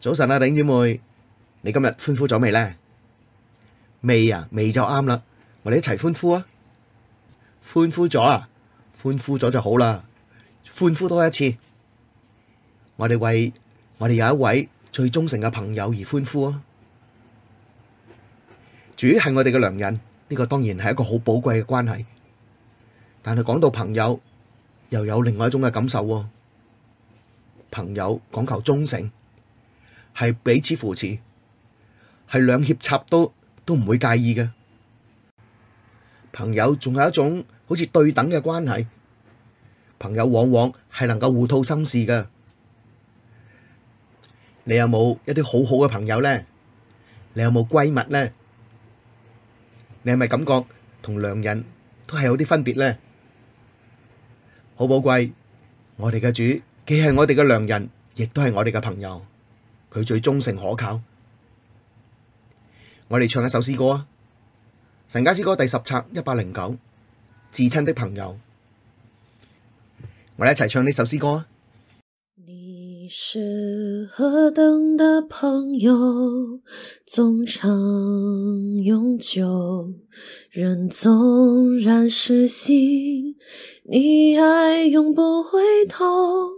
早晨啊，頂姐妹，你今日歡呼咗未呢？未啊，未就啱啦！我哋一齊歡呼啊！歡呼咗啊！歡呼咗就好啦！歡呼多一次，我哋為我哋有一位最忠誠嘅朋友而歡呼啊！主係我哋嘅良人，呢個當然係一個好寶貴嘅關係。但係講到朋友，又有另外一種嘅感受喎。朋友講求忠誠。係彼此扶持，係兩肋插刀都唔會介意嘅。朋友仲有一種好似對等嘅關係，朋友往往係能夠互吐心事嘅。你有冇一啲好好嘅朋友咧？你有冇閨蜜咧？你係咪感覺同良人都係有啲分別咧？好寶貴，我哋嘅主既係我哋嘅良人，亦都係我哋嘅朋友。佢最忠誠可靠，我哋唱一首詩歌啊，《神家詩歌》第十冊一百零九，《至親的朋友》，我哋一齊唱呢首詩歌啊。你是何等的朋友，忠誠永久，人縱然失信，你愛永不回頭。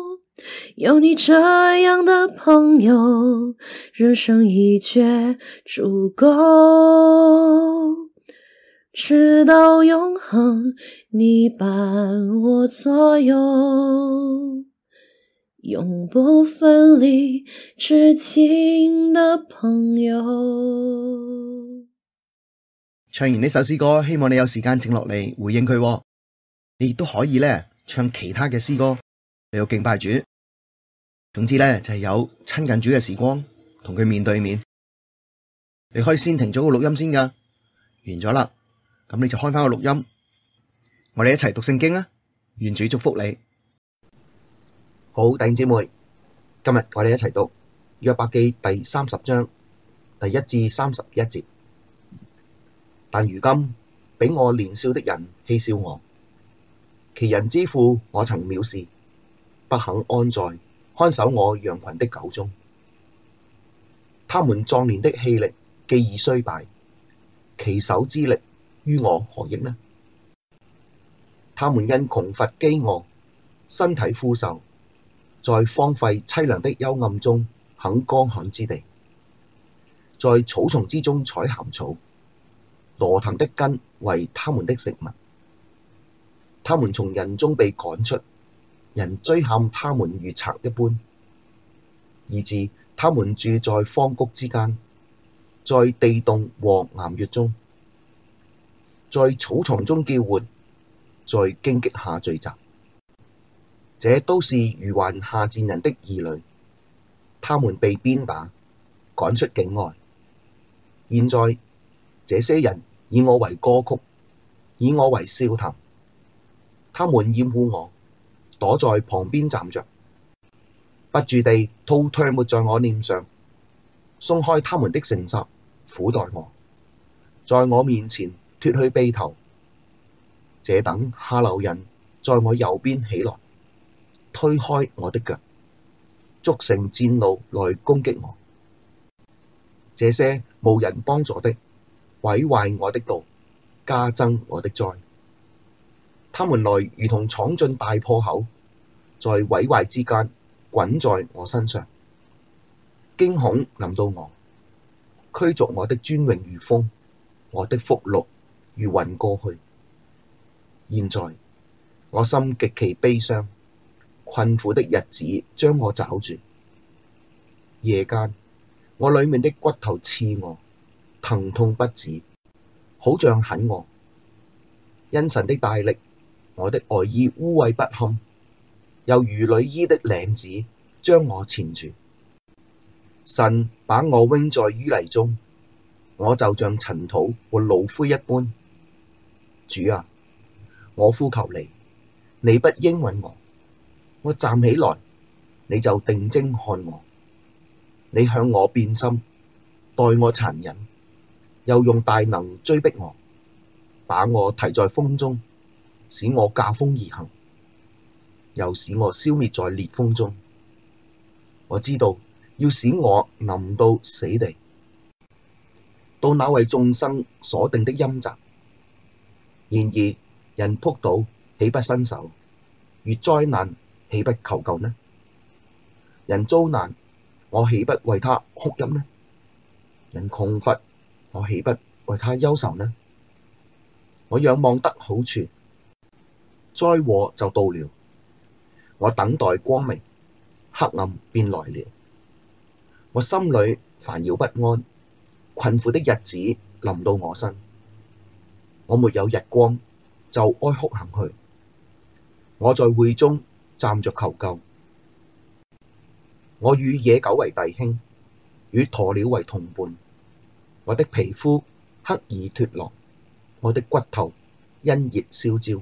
有你這樣的朋友，人生已覺足夠。直到永恆，你伴我左右，永不分離，至親的朋友。唱完呢首詩歌，希望你有時間請落嚟回應佢喎。你亦都可以咧唱其他嘅詩歌嚟到敬拜主。總之咧，就係、是、有親近主嘅時光，同佢面對面。你可以先停咗個錄音先噶，完咗啦，咁你就開翻個錄音，我哋一齊讀聖經啊。願主祝福你，好弟姐妹，今日我哋一齊讀約伯記第三十章第一至三十一節。但如今比我年少的人戲笑我，其人之父我曾藐視，不肯安在。看守我羊群的狗中，他們壯年的氣力既已衰敗，其手之力於我何益呢？他們因窮乏飢餓，身體枯瘦，在荒廢淒涼的幽暗中啃乾旱之地，在草叢之中採鹹草，羅騰的根為他們的食物。他們從人中被趕出，人追喊，他們如賊一般，以致他們住在荒谷之間，在地洞和岩穴中，在草叢中叫喚，在荊棘下聚集。這都是愚頑下賤人的兒女，他們被鞭打，趕出境外。現在這些人以我為歌曲，以我為笑談，他們厭惡我。躲在旁邊站着，不住地吐唾沫在我臉上，鬆開他們的繩索，苦待我，在我面前脫去轡頭，這等下流人在我右邊起來，推開我的腳，築成戰路來攻擊我，這些無人幫助的，毀壞我的道，加增我的災。他們來如同闖進大破口，在毀壞之間滾在我身上，驚恐臨到我，驅逐我的尊榮如風，我的福祿如雲過去。現在我心極其悲傷，困苦的日子將我抓住。夜間我裡面的骨頭刺我，疼痛不止，好像齦我，因神的大力。我的外衣污穢不堪，又如裡衣的領子將我纏住。神把我扔在淤泥中，我就像塵土和爐灰一般。主啊，我呼求你，你不應允我。我站起來，你就定睛看我。你向我變心，待我殘忍，又用大能追逼我，把我提在風中。使我駕風而行，又使我消滅在烈風中。我知道要使我臨到死地，到那為眾生所定的陰宅。然而，人仆倒豈不伸手？遇災難豈不求救呢？人遭難，我豈不為他哭泣呢？人窮乏，我豈不為他憂愁呢？我仰望得好處。災禍就到了，我等待光明，黑暗便來了。我心裏煩擾不安，困苦的日子臨到我身。我沒有日光，就哀哭行去。我在會中站着求救。我與野狗為弟兄，與鴕鳥為同伴。我的皮膚黑而脫落，我的骨頭因熱燒焦。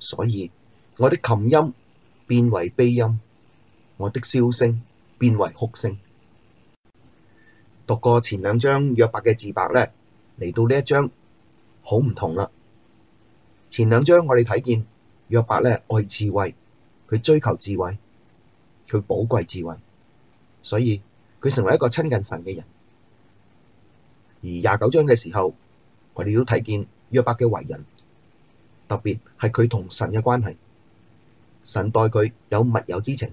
所以我的琴音變為悲音，我的簫聲變為哭聲。讀過前兩章約伯嘅自白咧，嚟到呢一章好唔同啦。前兩章我哋睇見約伯咧，愛智慧，佢追求智慧，佢寶貴智慧，所以佢成為一個親近神嘅人。而廿九章嘅時候，我哋都睇見約伯嘅為人。特別係佢同神嘅關係，神待佢有密友之情，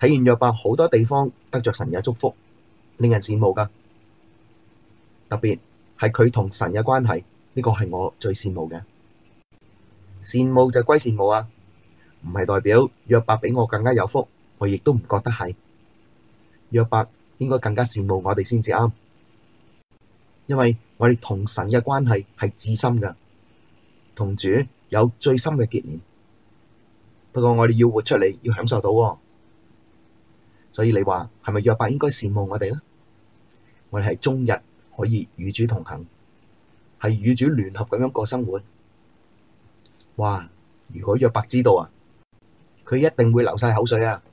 睇完約伯好多地方得着神嘅祝福，令人羨慕噶。特別係佢同神嘅關係，呢個係我最羨慕嘅。羨慕就歸羨慕啊，唔係代表約伯比我更加有福，我亦都唔覺得係。約伯應該更加羨慕我哋先至啱，因為我哋同神嘅關係係至深噶。同主有最深嘅結連，不過我哋要活出嚟，要享受到喎。所以你話係咪約伯應該羨慕我哋呢？我哋係終日可以與主同行，係與主聯合咁樣過生活。哇！如果約伯知道啊，佢一定會流晒口水啊！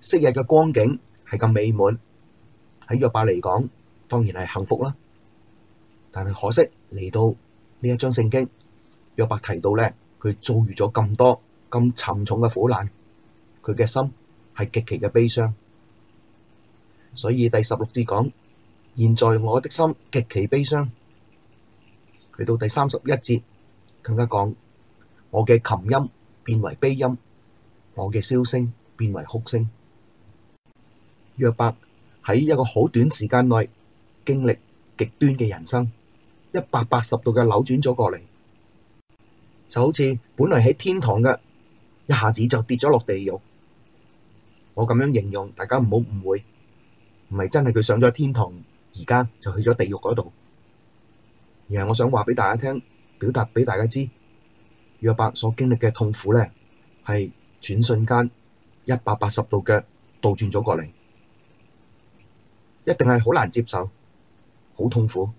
昔日嘅光景係咁美滿，喺約伯嚟講當然係幸福啦，啊。但係可惜嚟到。呢一章聖經，約伯提到咧，佢遭遇咗咁多咁沉重嘅苦難，佢嘅心係極其嘅悲傷，所以第十六節講，現在我的心極其悲傷。去到第三十一節，更加講，我嘅琴音變為悲音，我嘅簫聲變為哭聲。約伯喺一個好短時間內經歷極端嘅人生。一百八十度嘅扭轉咗過嚟，就好似本來喺天堂嘅，一下子就跌咗落地獄。我咁樣形容，大家唔好誤會，唔係真係佢上咗天堂，而家就去咗地獄嗰度，而係我想話畀大家聽，表達俾大家知，約伯所經歷嘅痛苦咧，係轉瞬間一百八十度嘅倒轉咗過嚟，一定係好難接受，好痛苦。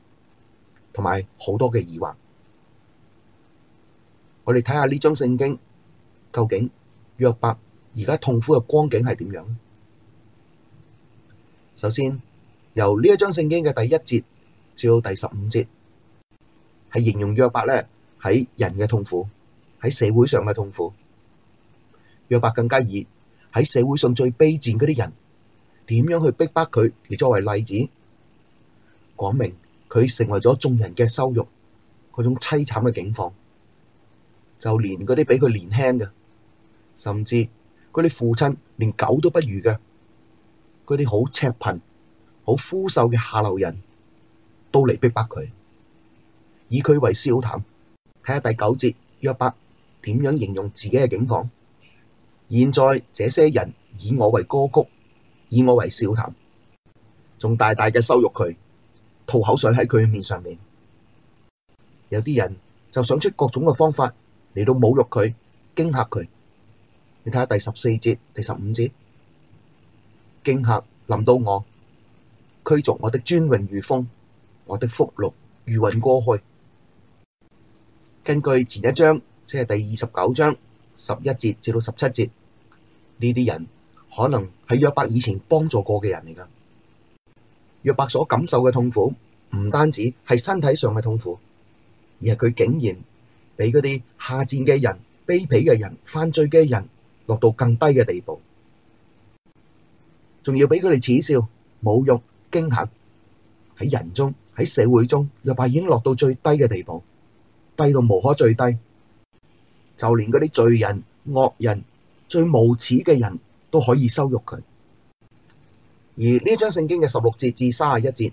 同埋好多嘅疑惑，我哋睇下呢張聖經，究竟約伯而家痛苦嘅光景係點樣？首先由呢一張聖經嘅第一節至到第十五節，係形容約伯咧喺人嘅痛苦，喺社會上嘅痛苦。約伯更加以喺社會上最卑賤嗰啲人點樣去逼迫佢，嚟作為例子講明。佢成為咗眾人嘅羞辱，嗰種淒慘嘅境況，就連嗰啲比佢年輕嘅，甚至嗰啲父親連狗都不如嘅，嗰啲好赤貧、好枯瘦嘅下流人都嚟逼迫佢，以佢為笑談。睇下第九節約伯點樣形容自己嘅境況。現在這些人以我為歌曲，以我為笑談，仲大大嘅羞辱佢。吐口水喺佢面上面，有啲人就想出各種嘅方法嚟到侮辱佢、驚嚇佢。你睇下第十四節、第十五節，驚嚇臨到我，驅逐我的尊榮如風，我的福祿如雲過去。根據前一章，即係第二十九章十一節至到十七節，呢啲人可能係約伯以前幫助過嘅人嚟㗎。約伯所感受嘅痛苦，唔單止係身體上嘅痛苦，而係佢竟然俾嗰啲下賤嘅人、卑鄙嘅人、犯罪嘅人落到更低嘅地步，仲要俾佢哋恥笑、侮辱、驚嚇。喺人中、喺社會中，約伯已經落到最低嘅地步，低到無可最低，就連嗰啲罪人、惡人、最無恥嘅人都可以羞辱佢。而呢張聖經嘅十六節至三十一節，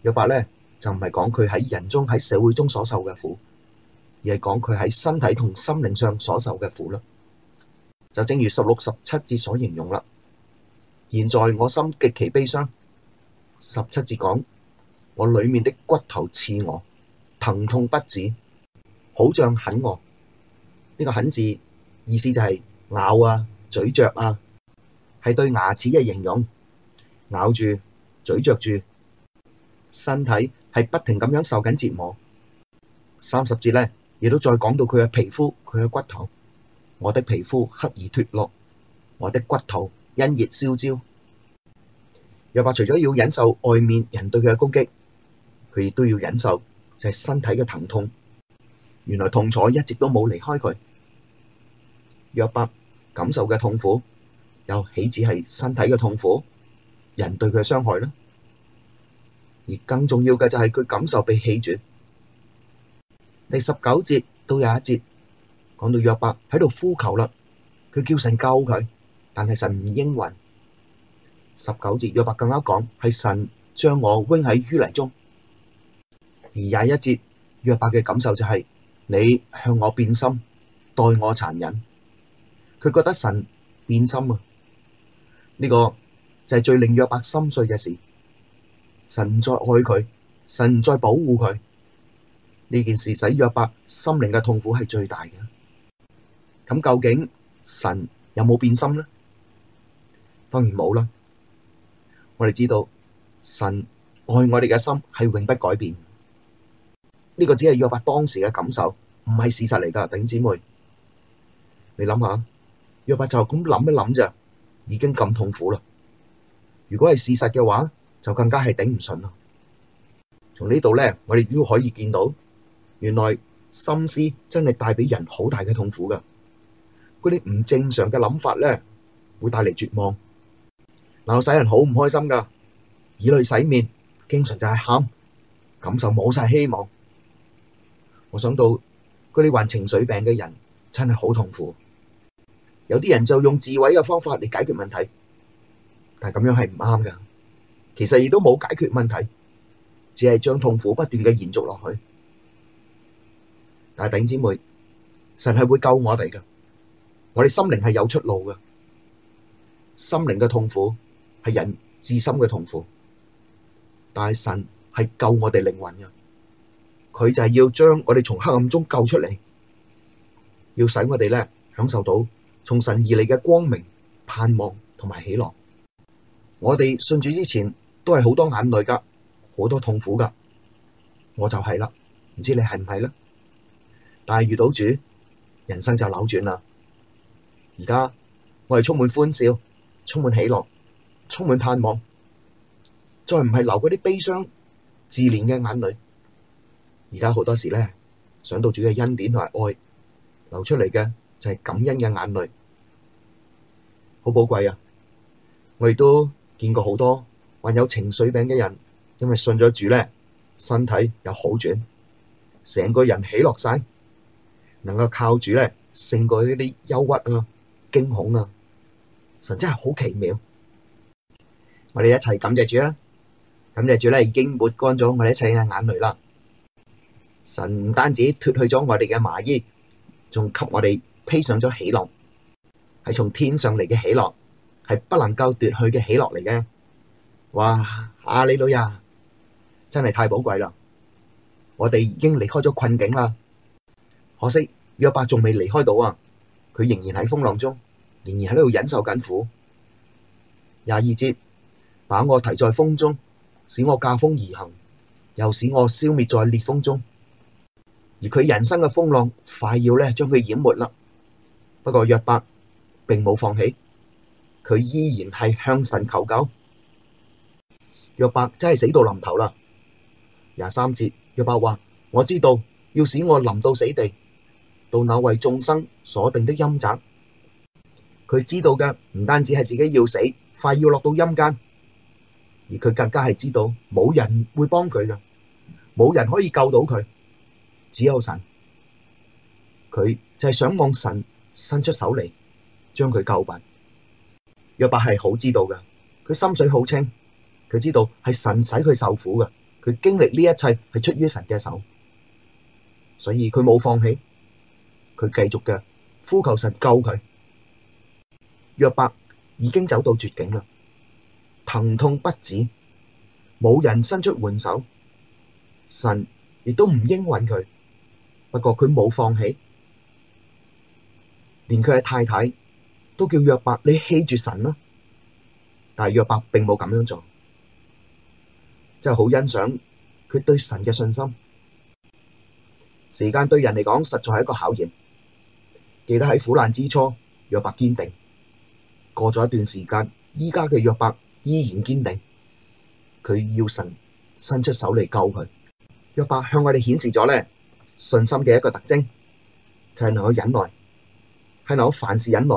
有白咧，就唔係講佢喺人中、喺社會中所受嘅苦，而係講佢喺身體同心靈上所受嘅苦啦。就正如十六十七節所形容啦。現在我心極其悲傷。十七節講，我裏面的骨頭刺我，疼痛不止，好像啃我。呢，這個狠字」字意思就係咬啊、咀嚼啊，係對牙齒嘅形容。咬住、咀嚼住，身體係不停咁樣受緊折磨。三十節咧，亦都再講到佢嘅皮膚、佢嘅骨頭。我的皮膚黑而脫落，我的骨頭因熱燒焦。約伯除咗要忍受外面人對佢嘅攻擊，佢亦都要忍受就係身體嘅疼痛。原來痛楚一直都冇離開佢。約伯感受嘅痛苦，又豈止係身體嘅痛苦？人對佢嘅傷害啦，而更重要嘅就係佢感受被棄絕。第十九節到廿一節講到約伯喺度呼求啦，佢叫神救佢，但係神唔應允。十九節約伯更加講係神將我扔喺淤泥中，而廿一節約伯嘅感受就係你向我變心，待我殘忍，佢覺得神變心啊，呢個。就係最令約伯心碎嘅事。神唔再愛佢，神唔再保護佢，呢件事使約伯心靈嘅痛苦係最大嘅。咁究竟神有冇變心呢？當然冇啦。我哋知道神愛我哋嘅心係永不改變。呢、這個只係約伯當時嘅感受，唔係事實嚟噶。丁姊妹，你諗下，約伯就咁諗一諗啫，已經咁痛苦啦。如果係事實嘅話，就更加係頂唔順啦。從呢度咧，我哋都可以見到，原來心思真係帶俾人好大嘅痛苦㗎。嗰啲唔正常嘅諗法咧，會帶嚟絕望，能夠使人好唔開心㗎。以淚洗面，經常就係喊，感受冇晒希望。我想到嗰啲患情緒病嘅人，真係好痛苦。有啲人就用自毀嘅方法嚟解決問題。但係咁樣係唔啱噶其實亦都冇解決問題，只係將痛苦不斷嘅延續落去。但係弟兄姊妹，神係會救我哋噶我哋心靈係有出路噶心靈嘅痛苦係人至深嘅痛苦，但係神係救我哋靈魂噶佢就係要將我哋從黑暗中救出嚟，要使我哋咧享受到從神而嚟嘅光明、盼望同埋喜樂。我哋信主之前都係好多眼淚噶，好多痛苦噶。我就係啦，唔知你係唔係咧？但係遇到主，人生就扭轉啦。而家我係充滿歡笑，充滿喜樂，充滿盼望，再唔係流嗰啲悲傷、自憐嘅眼淚。而家好多時咧，想到主嘅恩典同埋愛，流出嚟嘅就係感恩嘅眼淚，好寶貴啊！我亦都。見過好多患有情緒病嘅人，因為信咗主咧，身體有好轉，成個人起落晒，能夠靠主咧勝過呢啲憂鬱啊、驚恐啊，神真係好奇妙。我哋一齊感謝主啊！感謝主咧，已經抹乾咗我哋一切嘅眼淚啦。神唔單止脫去咗我哋嘅麻衣，仲給我哋披上咗喜樂，係從天上嚟嘅喜樂。係不能夠奪去嘅喜樂嚟嘅。哇，阿利路亞，真係太寶貴啦！我哋已經離開咗困境啦。可惜約伯仲未離開到啊，佢仍然喺風浪中，仍然喺度忍受緊苦。廿二節，把我提在風中，使我駕風而行，又使我消滅在烈風中。而佢人生嘅風浪快要咧將佢淹沒啦。不過約伯並冇放棄。佢依然係向神求救。約伯真係死到臨頭啦。廿三節，約伯話：我知道要使我臨到死地，到那為眾生所定的陰宅。佢知道嘅唔單止係自己要死，快要落到陰間，而佢更加係知道冇人會幫佢㗎，冇人可以救到佢，只有神。佢就係想望神伸出手嚟，將佢救拔。約伯係好知道㗎，佢心水好清，佢知道係神使佢受苦㗎，佢經歷呢一切係出於神嘅手，所以佢冇放棄，佢繼續嘅呼求神救佢。約伯已經走到絕境啦，疼痛不止，冇人伸出援手，神亦都唔應允佢，不過佢冇放棄，連佢嘅太太。都叫約伯，你欺住神啦。但係約伯並冇咁樣做，真係好欣賞佢對神嘅信心。時間對人嚟講實在係一個考驗。記得喺苦難之初，約伯堅定。過咗一段時間，依家嘅約伯依然堅定，佢要神伸出手嚟救佢。約伯向我哋顯示咗咧信心嘅一個特徵，就係能夠忍耐，係能夠凡事忍耐。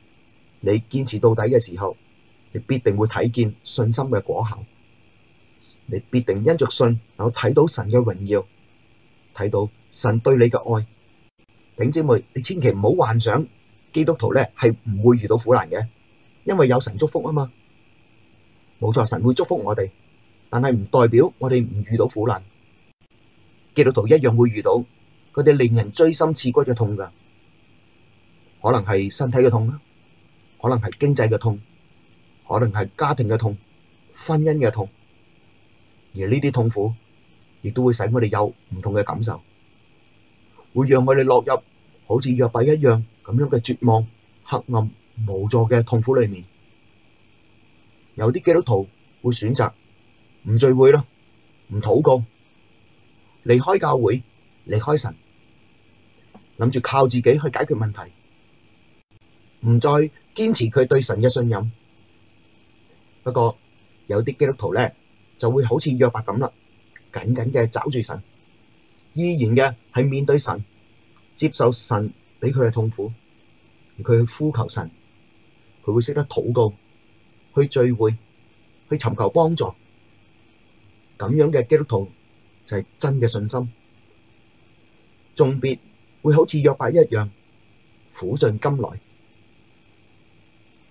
你堅持到底嘅時候，你必定會睇見信心嘅果效。你必定因着信有睇到神嘅榮耀，睇到神對你嘅愛。頂姊妹，你千祈唔好幻想基督徒咧係唔會遇到苦難嘅，因為有神祝福啊嘛。冇錯，神會祝福我哋，但係唔代表我哋唔遇到苦難。基督徒一樣會遇到嗰啲令人錐心刺骨嘅痛噶，可能係身體嘅痛啦。可能係經濟嘅痛，可能係家庭嘅痛、婚姻嘅痛，而呢啲痛苦亦都會使我哋有唔同嘅感受，會讓我哋落入好似約伯一樣咁樣嘅絕望、黑暗、無助嘅痛苦裡面。有啲基督徒會選擇唔聚會啦，唔禱告，離開教會、離開神，諗住靠自己去解決問題，唔再堅持佢對神嘅信任，不過有啲基督徒咧就會好似約伯咁啦，緊緊嘅抓住神，依然嘅係面對神，接受神畀佢嘅痛苦，而佢去呼求神，佢會識得禱告，去聚會，去尋求幫助，咁樣嘅基督徒就係真嘅信心，仲別會好似約伯一樣苦盡甘來。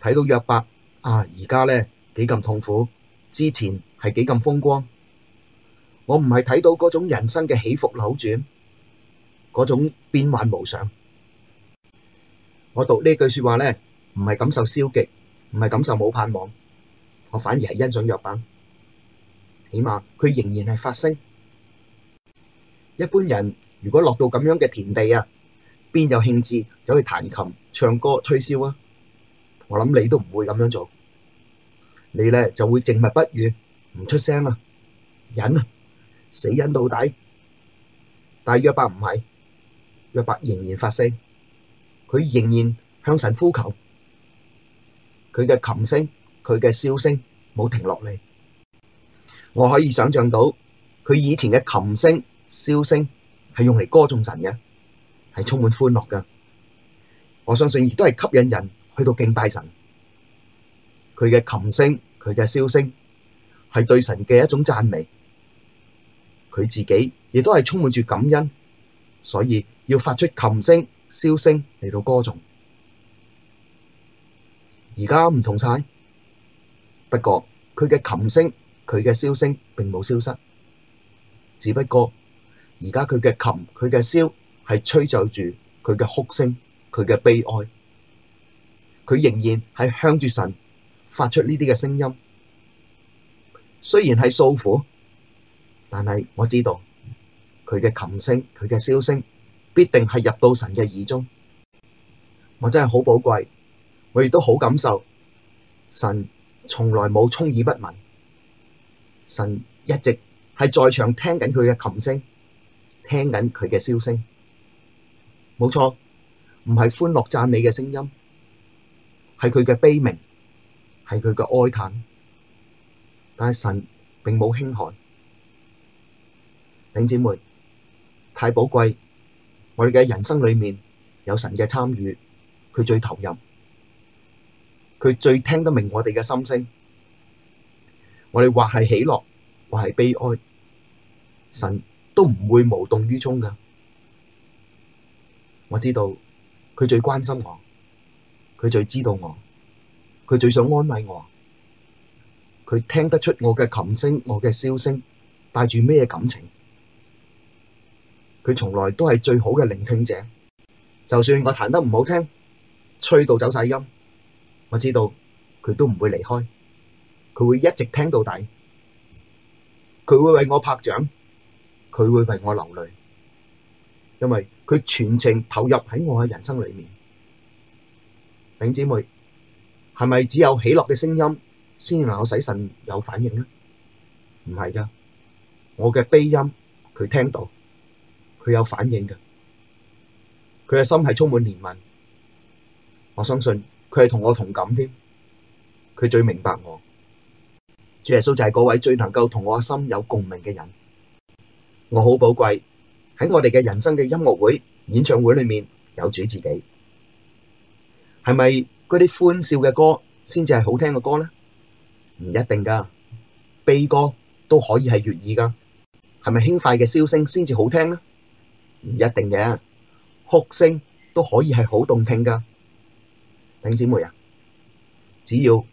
睇到約伯啊，而家咧幾咁痛苦，之前係幾咁風光。我唔係睇到嗰種人生嘅起伏扭轉，嗰種變幻無常。我讀呢句説話咧，唔係感受消極，唔係感受冇盼望，我反而係欣賞約伯。起碼佢仍然係發聲。一般人如果落到咁樣嘅田地啊，邊有興致走去彈琴、唱歌、吹簫啊？我諗你都唔會咁樣做，你呢就會靜默不語，唔出聲啦，忍啊，死忍到底。但約伯唔係，約伯仍然發聲，佢仍然向神呼求，佢嘅琴聲、佢嘅簫聲冇停落嚟。我可以想象到佢以前嘅琴聲、簫聲係用嚟歌頌神嘅，係充滿歡樂㗎。我相信亦都係吸引人。去到敬拜神，佢嘅琴聲、佢嘅簫聲，係對神嘅一種讚美。佢自己亦都係充滿住感恩，所以要發出琴聲、簫聲嚟到歌頌。而家唔同晒，不過佢嘅琴聲、佢嘅簫聲並冇消失，只不過而家佢嘅琴、佢嘅簫係吹奏住佢嘅哭聲、佢嘅悲哀。佢仍然係向住神發出呢啲嘅聲音，雖然係訴苦，但係我知道佢嘅琴聲、佢嘅簫聲必定係入到神嘅耳中。我真係好寶貴，我亦都好感受神從來冇充耳不聞，神一直係在場聽緊佢嘅琴聲，聽緊佢嘅簫聲。冇錯，唔係歡樂讚美嘅聲音。係佢嘅悲鳴，係佢嘅哀嘆，但係神並冇輕看。頂姐妹，太寶貴！我哋嘅人生裏面有神嘅參與，佢最投入，佢最聽得明我哋嘅心聲。我哋話係喜樂，話係悲哀，神都唔會無動於衷㗎。我知道佢最關心我。佢最知道我，佢最想安慰我，佢聽得出我嘅琴聲、我嘅簫聲帶住咩感情。佢從來都係最好嘅聆聽者，就算我彈得唔好聽，吹到走晒音，我知道佢都唔會離開，佢會一直聽到底，佢會為我拍掌，佢會為我流淚，因為佢全程投入喺我嘅人生裏面。頂姊妹，係咪只有喜樂嘅聲音先能夠使神有反應呢？唔係噶，我嘅悲音佢聽到，佢有反應噶，佢嘅心係充滿憐憫，我相信佢係同我同感添，佢最明白我，主耶穌就係嗰位最能夠同我心有共鳴嘅人，我好寶貴喺我哋嘅人生嘅音樂會演唱會裏面有主自己。係咪嗰啲歡笑嘅歌先至係好聽嘅歌呢？唔一定噶，悲歌都可以係悅耳噶。係咪輕快嘅笑聲先至好聽呢？唔一定嘅，哭聲都可以係好動聽噶。弟兄姊妹啊，只要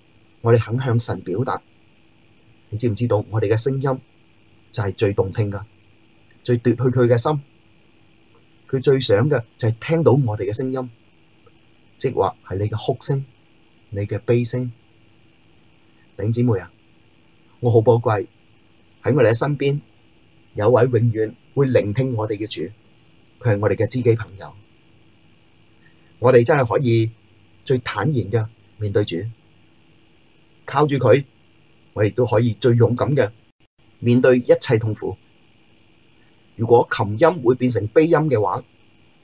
我哋肯向神表達，你知唔知道我哋嘅聲音就係最動聽噶，最奪去佢嘅心。佢最想嘅就係聽到我哋嘅聲音。即或係你嘅哭聲、你嘅悲聲，弟兄姊妹啊，我好寶貴喺我哋嘅身邊有位永遠會聆聽我哋嘅主，佢係我哋嘅知己朋友。我哋真係可以最坦然嘅面對主，靠住佢，我哋都可以最勇敢嘅面對一切痛苦。如果琴音會變成悲音嘅話，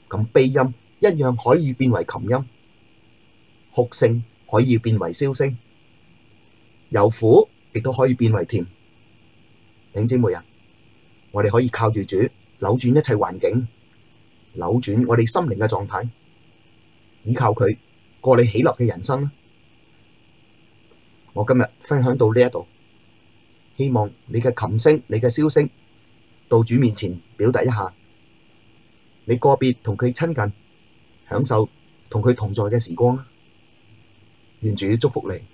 咁悲音一樣可以變為琴音。哭聲可以變為笑聲，由苦亦都可以變為甜。靈姊妹啊，我哋可以靠住主，扭轉一切環境，扭轉我哋心靈嘅狀態，依靠佢過你喜樂嘅人生啦。我今日分享到呢一度，希望你嘅琴聲、你嘅簫聲，到主面前表達一下，你個別同佢親近，享受同佢同在嘅時光啦。願主祝福你。